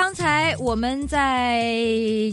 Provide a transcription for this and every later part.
剛才我們在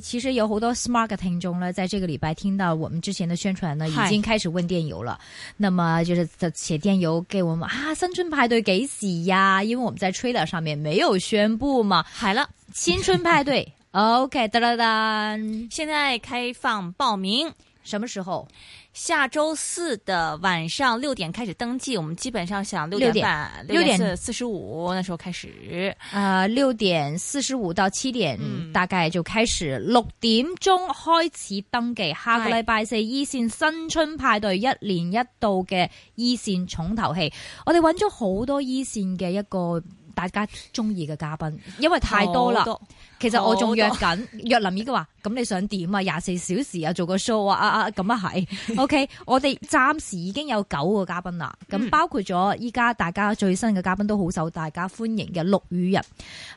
其實有好多 smarting 中呢，在這個禮拜聽到我們之前的宣傳呢，已經開始問電郵了。那麼就是寫電郵給我們啊，新春派對給洗呀？因為我們在 Twitter 上面沒有宣布嘛。好了，新春派對 ，OK 當啦當，現在開放報名，什麼時候？下周四的晚上六點開始登記，我們基本上想六點，半六,點六點四,四十五那時候開始啊、呃，六點四十五到七點大概就開始，嗯、六點鐘開始登記，下個禮拜四 e 線新春派對，一年一度嘅 e 線重頭戲，我哋揾咗好多 e 線嘅一個。大家中意嘅嘉賓，因為太多啦。其實我仲約緊，若林已經話：咁你想點啊？廿四小時啊，做個 show 啊啊咁啊係。就是、 OK，我哋暫時已經有九個嘉賓啦。咁、嗯、包括咗依家大家最新嘅嘉賓都好受大家歡迎嘅陸羽人，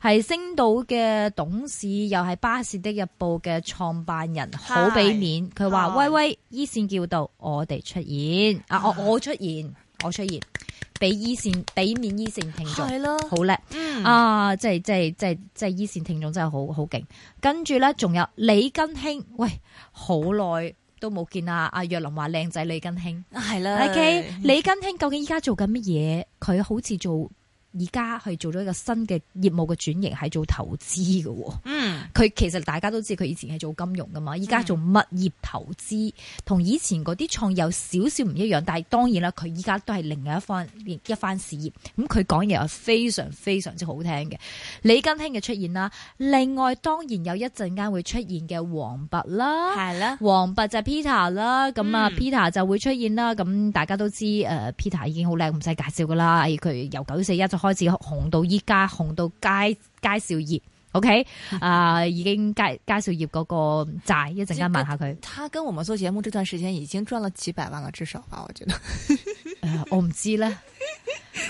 係星島嘅董事，又係《巴士的日報》嘅創辦人，好俾面。佢話：威威依線叫到我哋出現啊！我我出現，我出現。俾 e 線，俾面 e 線聽眾，咯好叻啊！即係即係即係即係 e 線聽眾真係好好勁。跟住咧，仲有李根興，喂，好耐都冇見啊！阿若琳話靚仔李根興係啦。阿 K，okay? 李根興究竟依家做緊乜嘢？佢好似做而家去做咗一個新嘅業務嘅轉型，係做投資嘅。嗯佢、嗯、其實大家都知佢以前係做金融噶嘛，依家做物業投資，同以前嗰啲創業有少少唔一樣。但係當然啦，佢依家都係另外一番一番事業。咁佢講嘢係非常非常之好聽嘅。李根興嘅出現啦，另外當然有一陣間會出現嘅王弼啦，係啦，王弼就是 Peter 啦，咁啊 Peter 就會出現啦。咁、嗯、大家都知誒，Peter 已經好靚，唔使介紹噶啦。佢由九四一就開始紅到依家，紅到街街少業 O K，啊，已經介紹業嗰個債，一陣間問下佢。他跟我們做節目這段時間已經賺了幾百萬了，至少吧，我覺得。我唔知咧，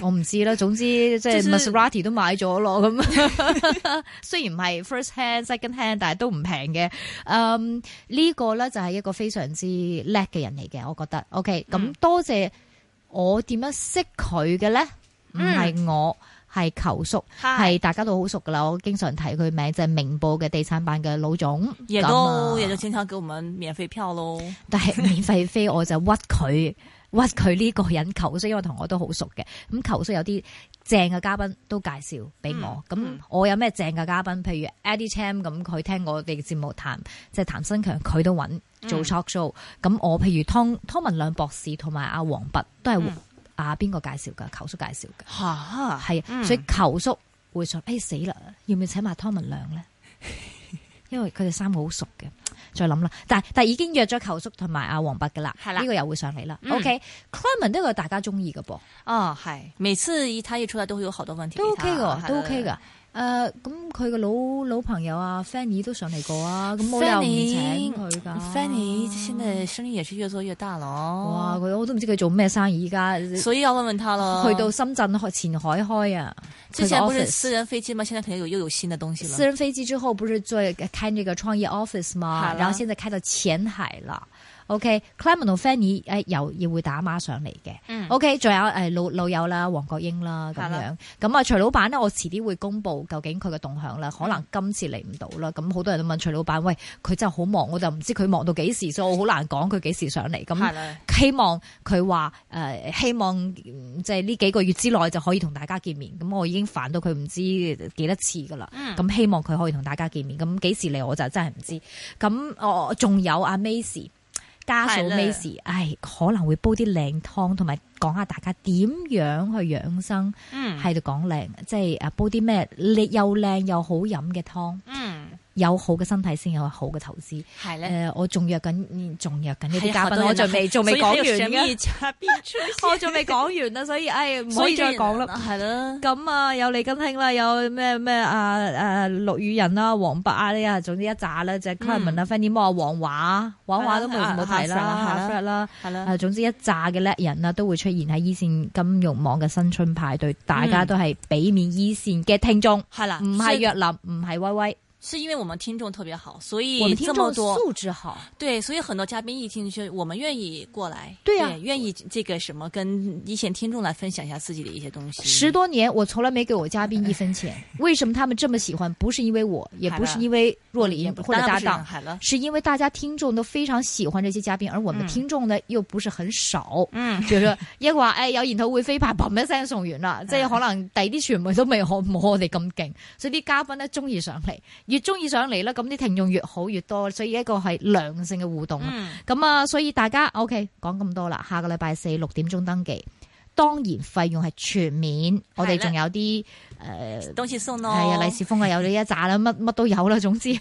我唔知啦。總之即係 Maserati 都買咗咯，咁。 雖然唔係 first hand second hand，但係都唔平嘅。嗯，呢個咧就係一個非常之叻嘅人嚟嘅，我覺得。O K，咁多謝我點樣識佢嘅咧？唔係我。嗯係球叔，係大家都好熟噶啦。我經常提佢名字，就係、是、明報嘅地產版嘅老總。咁、啊，也就經常叫我們免費票咯。但係免費飛，我就屈佢，屈佢呢個人球叔，因為同我都好熟嘅。咁球叔有啲正嘅嘉賓都介紹俾我。咁、嗯、我有咩正嘅嘉賓，譬如 Eddie Cham 咁，佢聽我哋嘅節目談，即係譚新強，佢都揾做 talk show。咁、嗯、我譬如湯湯文亮博士同埋阿王弼都係。嗯啊！邊個介紹噶？球叔介紹噶，嚇係啊哈！嗯、所以球叔會想，哎、欸、死啦，要唔要請埋湯文亮咧？ 因為佢哋三個好熟嘅，再諗啦。但係但係已經約咗球叔同埋阿黃伯嘅啦，係啦，呢、這個又會上嚟啦。嗯、OK，Clement、okay? 呢個大家中意嘅噃，哦係，每次一他一出嚟都會有好多問題，都 OK 嘅，都 OK 嘅。誒、呃，咁佢個老老朋友啊，Fanny 都上嚟過啊，咁我又唔請佢噶，Fanny 先係、啊、生意也是越做越大咯。哇，佢我都唔知佢做咩生意而家。所以要問問他咯。去到深圳前海開啊，之前不是私人飛機嘛，現在肯定有又有新嘅東西啦。私人飛機之後，不是再開呢個創業 office 嘛，然後現在開到前海啦。O.K. Clement 同 Fanny 誒，又要會打孖上嚟嘅。嗯、O.K. 仲有老老友啦，黃國英啦咁樣。咁啊，徐老闆咧，我遲啲會公布究竟佢嘅動向啦。可能今次嚟唔到啦。咁好多人都問徐老闆：喂，佢真係好忙，我就唔知佢忙到幾時，所以我好難講佢幾時上嚟。咁希望佢話、呃、希望即係呢幾個月之內就可以同大家見面。咁我已經煩到佢唔知幾多次㗎啦。咁、嗯、希望佢可以同大家見面。咁幾時嚟我就真係唔知。咁我仲有阿 May 家嫂咩事？唉，可能會煲啲靚湯，同埋講下大家點樣去養生。嗯，喺度講靚，即係啊煲啲咩又靚又好飲嘅湯。嗯。有好嘅身體先有好嘅投資係咧，誒、呃，我仲約緊，仲、嗯、約緊呢啲嘉賓。我仲未仲未講完噶，我仲未講完啦，所以誒， 所以，所以，唔可以再講咯，係啦。咁啊，有李金興啦，有咩咩啊？誒、啊，陸羽仁啦，黃伯啊，呢啲啊，總之一紮啦，就係 c o m m 啊，Fanny 摩啊，黃華、黃華都冇冇提啦，嚇啦，係、啊、啦、啊啊啊啊啊啊，總之一紮嘅叻人啦，都會出現喺依、e- 線金融網嘅新春派對。大家都係俾面依、e- 線嘅聽眾係啦，唔係若林，唔係威威。是因為我們聽眾特別好，所以這麼我們聽眾多，素質好。對，所以很多嘉賓一聽就我們願意過來，對呀、啊，願意這個什麼跟 e 線聽眾來分享一下自己的一些東西。十多年，我從來沒給我嘉賓一分錢。 為什麼他們這麼喜歡？不是因為我，也不是因為若琳或者搭檔是，是因為大家聽眾都非常喜歡這些嘉賓，而我們聽眾呢、嗯、又不是很少。嗯，就是，說如果哎要引頭會飛派，把門山送云了，這係可能第啲全部都沒可冇我哋咁勁，所以啲嘉賓呢中意上嚟。越中意上嚟啦，咁啲聽眾越好越多，所以一個係良性嘅互動。咁、嗯、啊，所以大家 OK，講咁多啦。下個禮拜四六點鐘登記，當然費用係全免。我哋仲有啲誒，禮士、呃、送咯，係、哎、啊，利是封啊，有呢一紮啦，乜乜都有啦。總之，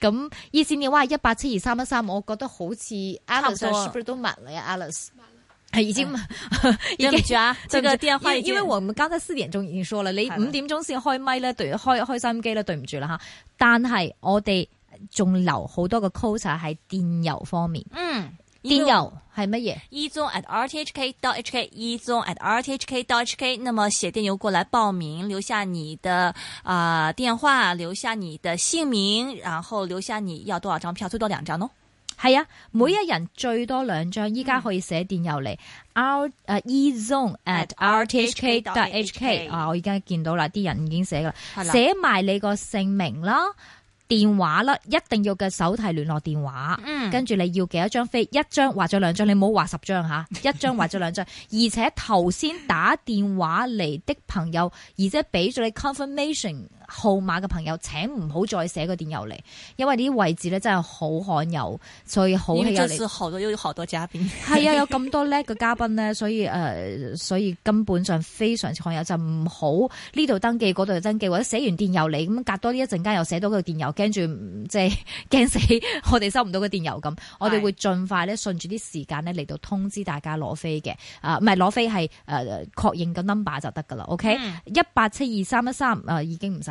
咁 意思你話一八七二三一三，我覺得好似 Alice 都滿啦，Alice。啊已經，嗯、對唔住啊！這個電話已經，因為我們剛才四點鐘已經說了，你五點鐘先開麥咧，對，開開收音機咧，對唔住啦吓。但係我哋仲留好多個 course 喺電郵方面。嗯，電郵係乜嘢？e-zone at rthk dot hk，e-zone at rthk dot hk。那麼寫電郵過來報名，留下你的啊、呃、電話，留下你的姓名，然後留下你要多少張票，最多兩張咯、哦。係啊，每一人最多兩張，依、嗯、家可以寫電郵嚟、嗯、，r 誒、uh, ezone at rthk.hk 啊，我而家已經見到啦，啲人已經寫噶啦，寫埋你個姓名啦、電話啦，一定要嘅手提聯絡電話，嗯，跟住你要幾多張飛？一張或咗兩張，你唔好話十張吓、啊，一張或咗兩張， 而且頭先打電話嚟的朋友，而且俾咗你 confirmation。號碼嘅朋友，請唔好再寫個電郵嚟，因為呢啲位置咧，真係好罕有，所以好稀有。係，好多又有好多嘉賓，係 啊，有咁多叻嘅嘉賓咧，所以誒、呃，所以根本上非常罕有，就唔好呢度登記嗰度登記，或者寫完電郵嚟，咁隔多啲一陣間又寫到個電郵，驚住即係驚死我哋收唔到個電郵咁，我哋會盡快咧，順住啲時間咧嚟到通知大家攞飛嘅。啊、呃，唔係攞飛係誒確認個 number 就得噶啦，OK，一八七二三一三誒，已經唔使。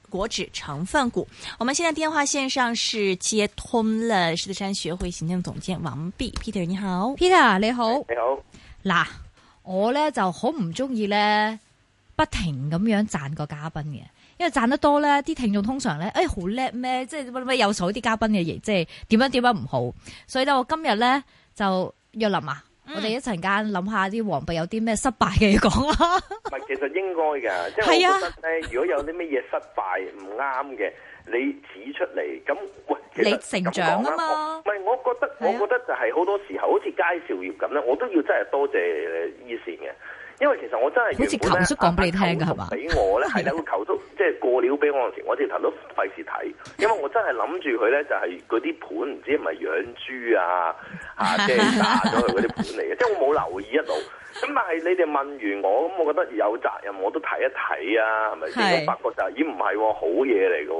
果指成分股，我們現在電話線上是接通了獅子山學會行政總監王弼 Peter，你好，Peter 你好，你好，嗱，我咧就好唔中意咧不停咁樣讚個嘉賓嘅，因為讚得多咧，啲聽眾通常咧，誒，好叻咩？即係乜乜有數啲嘉賓嘅嘢，即係點樣點樣唔好，所以咧我今日咧就約林啊。 我哋一陣間諗下啲王弼有啲咩失敗嘅嘢講啊！唔係，其實應該嘅，即 係我覺得咧， 如果有啲乜嘢失敗唔啱嘅，你指出嚟，咁喂，其實你成長啊嘛，咁講啊，唔係，我覺得，我覺得就係好多時候，好似佳兆業咁啦，我都要真係多謝 e 線嘅。因為其實我真係，好似投叔講俾你聽噶係嘛？俾、啊、我咧係咧，投叔即係過料俾我陣時，我直頭都費事睇，因為我真係諗住佢咧就係嗰啲盤唔知係咪養豬啊吓，即、啊、係、就是、打咗佢嗰啲盤嚟嘅，即 係我冇留意一路。咁但係你哋問完我，咁我覺得有責任我都睇一睇啊，係咪先？發覺就咦唔係，好嘢嚟嘅。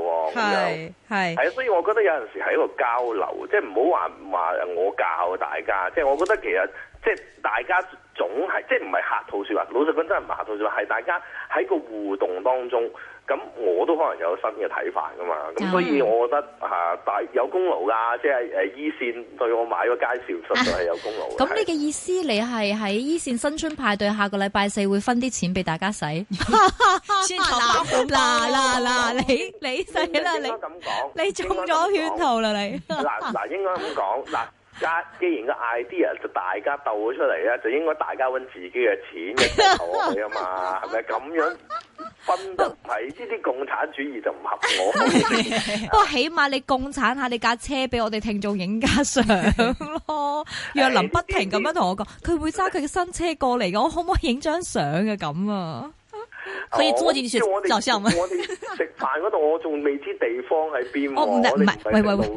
係係，所以我覺得有陣時係一個交流，即係唔好話唔話我教大家，即、就、係、是、我覺得其實。即係大家總係即係唔係客套説話，老實講真係唔客套説話，係大家喺個互動當中，咁我都可能有新嘅睇法噶嘛。咁所以我覺得嚇大、嗯啊、有功勞㗎，即係誒 e 線對我買個介紹實在係有功勞的。咁、啊、你嘅意思，你係喺 e 線新春派對下個禮拜四會分啲錢俾大家使？嗱嗱嗱你你使啦，你你，你，啦你中咗圈套啦，你嗱嗱應該咁講嗱。 家既然個 idea 就大家斗咗出嚟啊，就應該大家搵自己嘅錢嘅前途去啊嘛，係咪咁樣分得埋？呢 啲共產主義就唔合我。 不過起碼你共產下你架車俾我哋聽眾影張相咯， 若林不停咁樣同我講，佢 會揸佢嘅新車過嚟嘅，我可唔可以影張相啊？咁啊？哦、可以坐住住，就先。我哋食飯嗰度，我仲未知地方喺邊。哦，唔係唔係，喂喂喂，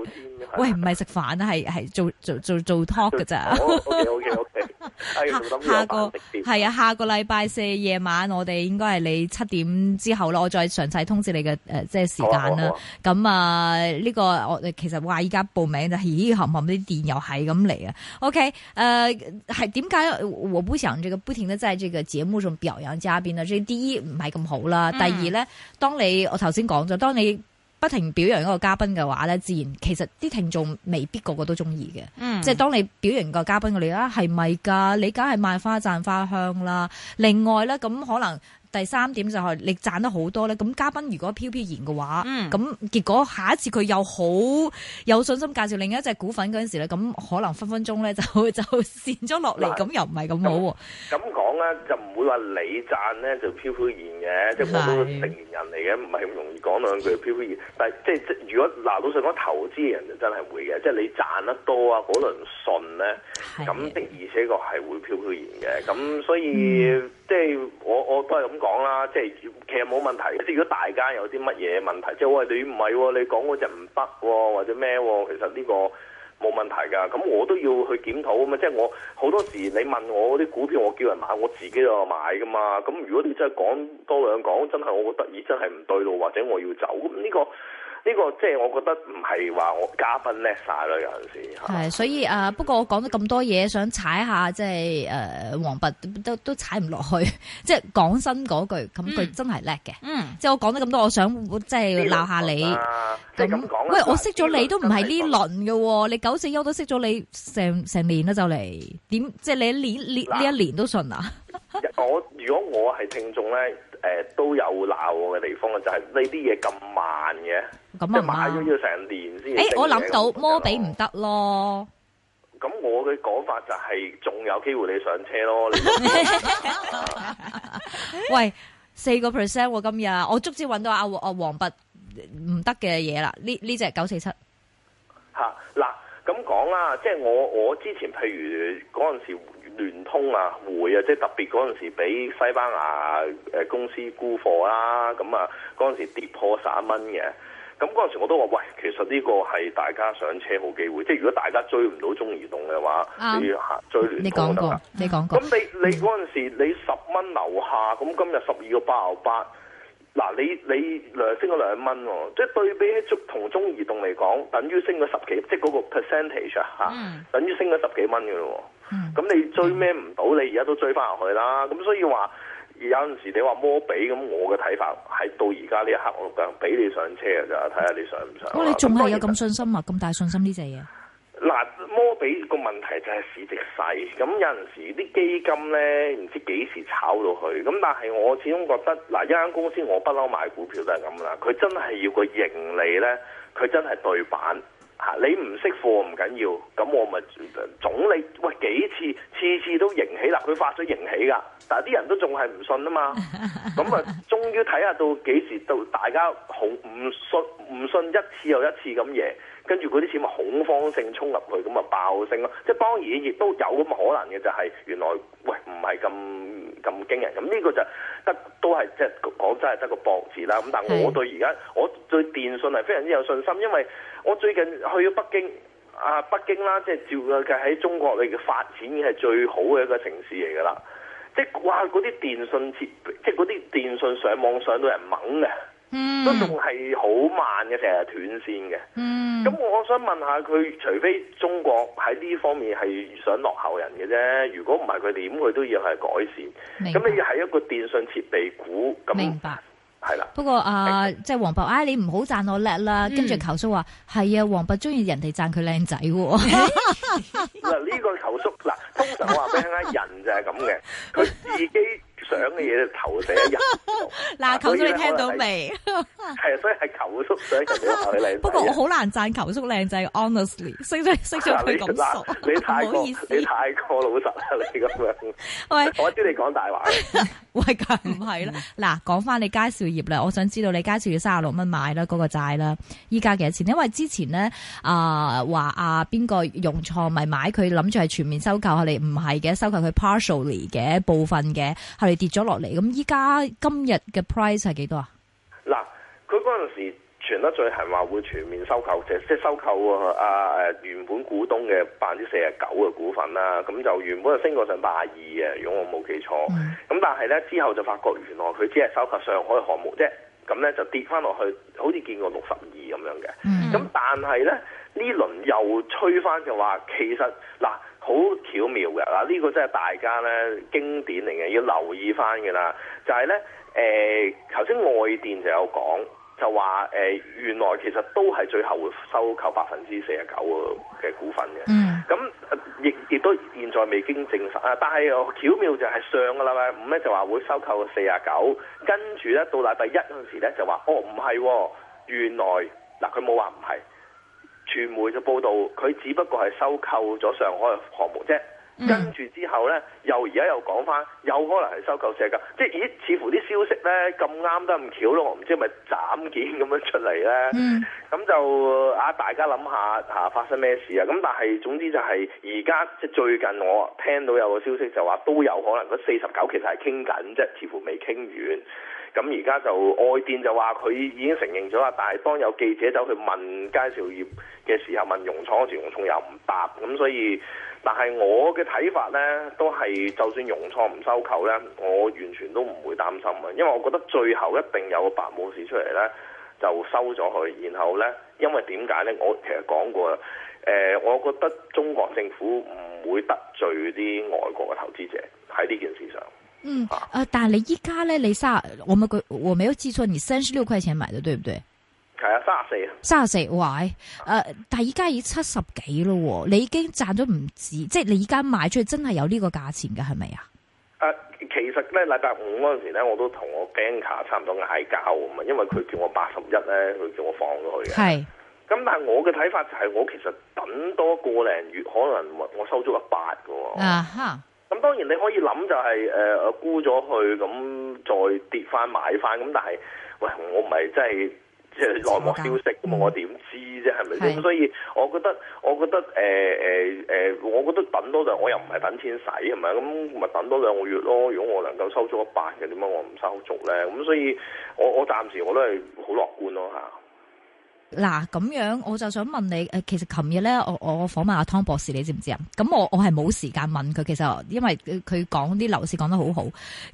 喂唔係食飯啊，係係做做做做 talk 㗎咋。 下下個係啊，下個禮拜四夜晚我哋應該係你七點之後啦我再詳細通知你嘅誒，即係時間啦。咁、哦哦、啊，呢、這個我其實話依家報名就咦，含含啲電郵係咁嚟啊。OK，誒、呃，係點解我不想這個不停的在這個節目上表揚嘉賓啊？即係第一唔係咁好啦，第二咧，當你我頭先講咗，當你。不停表揚一個嘉賓嘅話咧，自然其實啲聽眾未必個個都中意嘅。嗯。即係當你表揚個嘉賓嘅你啦，係咪噶？你梗係、啊、賣花讚花香啦。另外咧，咁可能。第三點就係你賺得好多咧，咁嘉賓如果飄飄然嘅話，咁、嗯、結果下一次佢又好有信心介紹另一隻股份嗰陣時咧，咁可能分分鐘咧就會就跌咗落嚟，咁又唔係咁好。咁講咧就唔會話你賺咧就飄飄然嘅，即係、就是、我都成年人嚟嘅，唔係咁容易講兩句飄飄然。但係即係如果嗱，老實講，投資人就真係會嘅，即、就、係、是、你賺得多啊嗰輪信咧，咁的而且確係會飄飄然嘅。咁所以、嗯、即係我我都係咁。講啦，即係其實冇問題。即係如果大家有啲乜嘢問題，即係喂你唔係喎，你講嗰隻唔得喎，或者咩喎、啊？其實呢個冇問題㗎。咁我都要去檢討啊嘛。即係我好多時你問我啲股票，我叫人買，我自己又買㗎嘛。咁如果你真係講多兩講，真係我覺得意，真係唔對路，或者我要走咁呢、呢個。呢、這個即係我覺得唔係話我嘉賓叻晒咯。有陣時係，所以啊、嗯，不過我講咗咁多嘢、嗯，想踩一下即係誒王弼都都踩唔落去，即係講新嗰句，咁佢真係叻嘅。嗯，即係我講咗咁多，我想即係鬧下你。即咁、啊、喂，我識咗你都唔係呢輪嘅喎，你九四休都識咗你成成年啦，就嚟點？即係你年年呢一年都信啊？ 我如果我係聽眾咧，誒、呃、都有鬧我嘅地方就係呢啲嘢咁慢嘅。咁啊嘛，誒、欸，我諗到摩比唔得咯。咁我嘅講法就係、是、仲有機會你上車咯。車咯 喂，四個 percent，今日我足之搵到阿阿王弼唔得嘅嘢啦。呢呢隻九四七，吓嗱咁講啦，即係我我之前譬如嗰陣時聯通啊、匯啊，即係特別嗰陣時俾西班牙誒公司沽貨啦，咁啊嗰陣時跌破十蚊嘅。咁嗰時時我都話：喂，其實呢個係大家上車冇機會，即係如果大家追唔到中移動嘅話、啊，你要行追聯通你講過，你講過咁你、嗯、你嗰時時你十蚊樓下，咁今日十二個八毫八，嗱你你升咗兩蚊喎，即係對比起同中移動嚟講，等於升咗十幾，即係嗰個 percentage 啊、嗯、等於升咗十幾蚊嘅咯喎。咁、嗯、你追咩唔到？你而家都追翻落去啦。咁所以話。有陣時你話摩比咁，我嘅睇法喺到而家呢一刻，我錄緊，俾你上車啊！就睇下你上唔上。哇、哦！你仲係有咁信心啊？咁大信心呢隻嘢？嗱，摩比個問題就係市值細，咁有陣時啲基金咧唔知幾時炒到佢。咁但係我始終覺得，嗱一間公司我不嬲買股票都係咁啦，佢真係要個盈利咧，佢真係對版。你唔識貨唔緊要，咁我咪總理喂幾次，次次都迎起啦。佢發咗迎起噶，但係啲人都仲係唔信啊嘛。咁啊，終於睇下到幾時到大家好唔信，唔信一次又一次咁贏，跟住嗰啲錢咪恐慌性衝入去，咁咪爆升咯。即係當然亦都有咁嘅可能嘅，就係、是、原來喂唔係咁咁驚人。咁呢個就得都係即係講真係得個博字啦。咁但我對而家我對電信係非常之有信心，因為，我最近去咗北京，啊北京啦，即係照計喺中國嚟嘅發展已經係最好嘅一個城市嚟噶啦，即係哇嗰啲電信設備，即係嗰啲電信上網上到人懵嘅，都仲係好慢嘅，成日斷線嘅。咁、嗯、我想問一下佢，除非中國喺呢方面係想落後人嘅啫，如果唔係佢點佢都要係改善。咁你要係一個電信設備股咁。明白。係啦，不過、呃哎不嗯、是啊，即係黃伯，啊你唔好讚我叻啦，跟住球叔話係啊，黃伯中意人哋讚佢靚仔。嗱，呢個球叔，嗱，通常我話俾你聽，人就係咁嘅，佢自己。 想嘅嘢投俾嗱，球、 啊、叔你聽到未？係 啊，所以係球叔想用落佢嚟。 不過我好難讚球叔靚仔，honestly，識咗識得佢咁熟。啊、你、啊嗯、唔好意思。你太過老實啦，你咁樣。 喂，我知你講大話。喂，梗唔係啦。嗱，講翻、嗯啊、你介紹業啦，我想知道你介紹要三十六蚊買啦，嗰個債啦，依家幾多錢？因為之前咧啊話啊邊個用錯咪買佢，諗住係全面收購下嚟，唔係嘅，收購佢 partially 嘅部分嘅，跌咗落嚟，咁依家今日嘅 price 係幾多啊？嗱，佢嗰陣時傳得最係話會全面收購，即係即係收購啊！誒、呃，原本股東嘅百分之四十九嘅股份啦，咁就原本係升過成百二嘅，如果我冇記錯，咁但係咧之後就發覺原來佢只係收購上海嘅項目啫，咁咧就跌翻落去，好似見過六十二咁樣嘅，咁、嗯、但係咧呢輪又吹翻就話其實嗱。好巧妙嘅嗱，呢、這個真係大家咧經典嚟嘅，要留意翻嘅啦。就係、是、咧，誒頭先外電就有講，就話誒、呃、原來其實都係最後會收購百分之四十九嘅股份嘅。嗯。咁亦亦都現在未經證實啊，但係巧妙就係上個禮拜五咧就話會收購四十九，跟住咧到禮拜一嗰陣時咧就話哦唔係、哦，原來嗱佢冇話唔係。傳媒就報道佢只不過係收購咗上海嘅項目啫，跟、mm. 住之後呢，又而家又講翻有可能係收購社㗎，即係咦？似乎啲消息呢咁啱得咁巧咯，我唔知係咪斬件咁樣出嚟呢？咁、mm. 就啊，大家諗下嚇發生咩事啊？咁但係總之就係而家即係最近我聽到有個消息就話都有可能嗰四十九其實係傾緊啫，似乎未傾完。咁而家就外電就話，佢已經承認咗啦，但係當有記者走去問佳兆業嘅時候，問融創時候，融創又唔答。咁所以，但係我嘅睇法呢，都係就算融創唔收購呢，我完全都唔會擔心啊，因為我覺得最後一定有個白武士出嚟呢，就收咗佢。然後呢，因為點解呢？我其實講過，呃，我覺得中國政府唔會得罪啲外國嘅投資者喺呢件事上。嗯，誒、呃，但你而家咧，你卅，我冇記，我沒有記錯，你三十六塊錢買的對唔對？係啊，卅四。卅四喂！誒、呃，但而家已七十幾咯，你已經賺咗唔止，即係你而家賣出去真係有呢個價錢嘅，係咪啊？誒、呃，其實咧禮拜五嗰陣時咧，我都同我 banker 差唔多嗌交，咁啊，因為佢叫我八十一咧，佢叫我放咗佢嘅。係。咁但係我嘅睇法就係，我其實等多個零月，可能我收咗一八嘅。啊哈。咁當然你可以諗就係、係、誒、呃，沽咗去咁再跌翻買翻咁，但係喂，我唔係真係即係內幕消息，咁我點知啫？係咪先？所以，我覺得，我覺得誒誒誒，我覺得等多兩，我又唔係等錢使係咪？咁咪等多兩個月咯。如果我能夠收足一百嘅，點解我唔收足咧？咁所以我，我我暫時我都係好樂觀咯嚇。嗱咁樣，我就想問你，誒，其實琴日咧，我我訪問阿湯博士，你知唔知啊？咁我我係冇時間問佢，其實因為佢講啲樓市講得好好，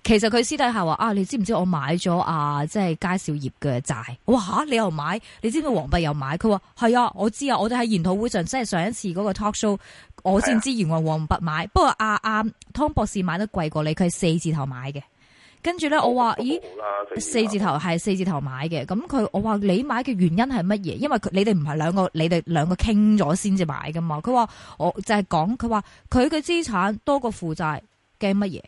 其實佢私底下話啊，你知唔知我買咗啊？即係佳兆業嘅債，哇你又買？你知唔知王弼又買？佢話係啊，我知啊，我哋喺研討會上，即係上一次嗰個 talk show，我先知原來王弼買、啊，不過啊，啊湯博士買得貴過你，佢係四字頭買嘅。跟住咧，我話咦四字頭係四字頭買嘅，咁佢我話你買嘅原因係乜嘢？因為佢你哋唔係兩個，你哋兩個傾咗先至買噶嘛。佢話我就係講，佢話佢嘅資產多過負債，驚乜嘢？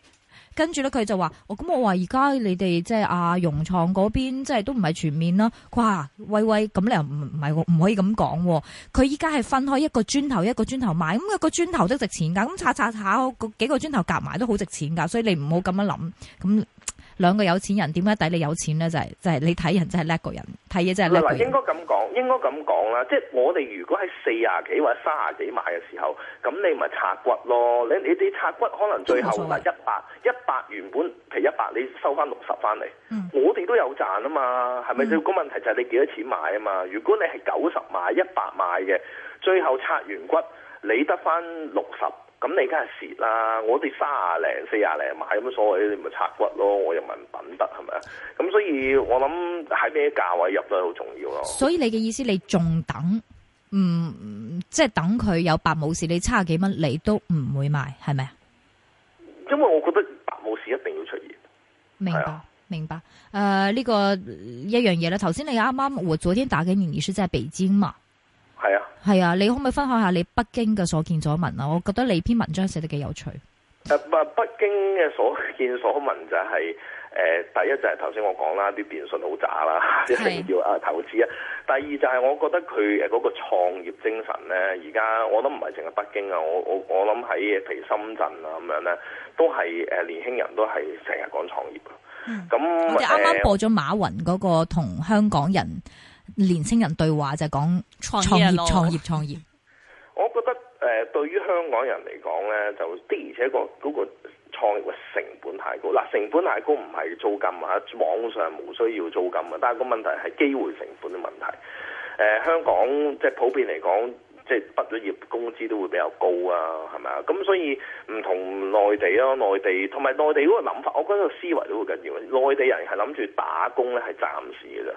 跟住咧，佢就話我咁，我話而家你哋即係阿融創嗰邊，即係都唔係全面啦。哇，喂喂，咁你又唔唔係唔可以咁講。佢依家係分開一個磚頭一個磚頭買，咁個磚頭都值錢噶，咁拆拆下幾個磚頭夾埋都好值錢噶，所以你唔好咁樣諗咁。兩個有錢人點解抵你有錢呢？就係、是、就係、是、你睇人真係叻過人，睇嘢真係叻過人。應該咁講，應該咁講啦。即係我哋如果喺四十幾或三十幾買嘅時候，咁你咪拆骨咯。你你拆骨可能最後咪一百一百原本譬如一百，你收翻六十翻嚟。我哋都有賺啊嘛，係咪？就、嗯那個問題就係你幾多錢買啊嘛。如果你係九十買一百買嘅，最後拆完骨，你得翻六十。咁你梗係蝕啦，我哋三啊零、四廿零買，咁所謂你咪拆骨咯，我又唔品德，係咪啊？咁所以我諗喺咩價位入都好重要咯。所以你嘅意思，你仲等，嗯，即、就、係、是、等佢有白武士，你差幾蚊，你都唔會賣，係咪啊？因為我覺得白武士一定要出現。明白，啊、明白。誒、呃，呢、這個一樣嘢啦。頭先你啱啱我昨天打俾你，你是在北京嘛？係啊，你可唔可以分享下你北京嘅所見所聞啊？我覺得你篇文章寫得幾有趣。誒，北京嘅所見所聞就係、是、誒、呃，第一就係頭先我講啦，啲電信好渣啦，即係要啊投資啊。第二就係我覺得佢誒嗰個創業精神咧，而家我都唔係淨係北京啊，我我我諗喺譬如深圳啊咁樣咧，都係誒年輕人都係成日講創業啊。咁、嗯、我哋啱啱播咗馬雲嗰個同香港人。年青人對話就係講創業、創業、創業。我覺得誒，對於香港人嚟講呢，就的而且確嗰個創業嘅成本太高。嗱，成本太高唔係租金啊，網上無需要租金啊。但係個問題係機會成本嘅問題。誒，香港即係普遍嚟講，即係畢咗業，工資都會比較高啊，係咪啊？咁所以唔同內地咯，內地同埋內地嗰個諗法，我覺得個思維都好緊要。內地人係諗住打工呢係暫時嘅啫。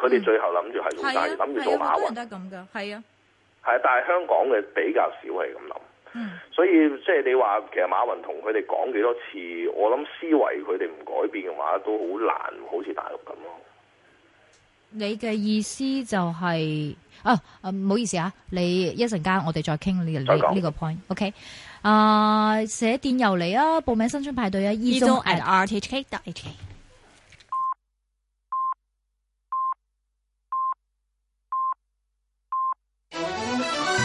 佢哋 最後諗住係做大，諗住、啊、做馬雲。都係得咁噶，係啊。係、啊，但係香港嘅比較少係咁諗。所以即係你話，其實馬雲同佢哋講幾多次，我諗思維佢哋唔改變嘅話，都好難，好似大陸咁咯。你嘅意思就係、是、啊，唔、呃、好意思啊，你一陣間我哋再傾呢呢個 point。OK。啊、呃，寫電郵嚟啊，報名新春派對啊，ezone, ezone at rthk. dot hk。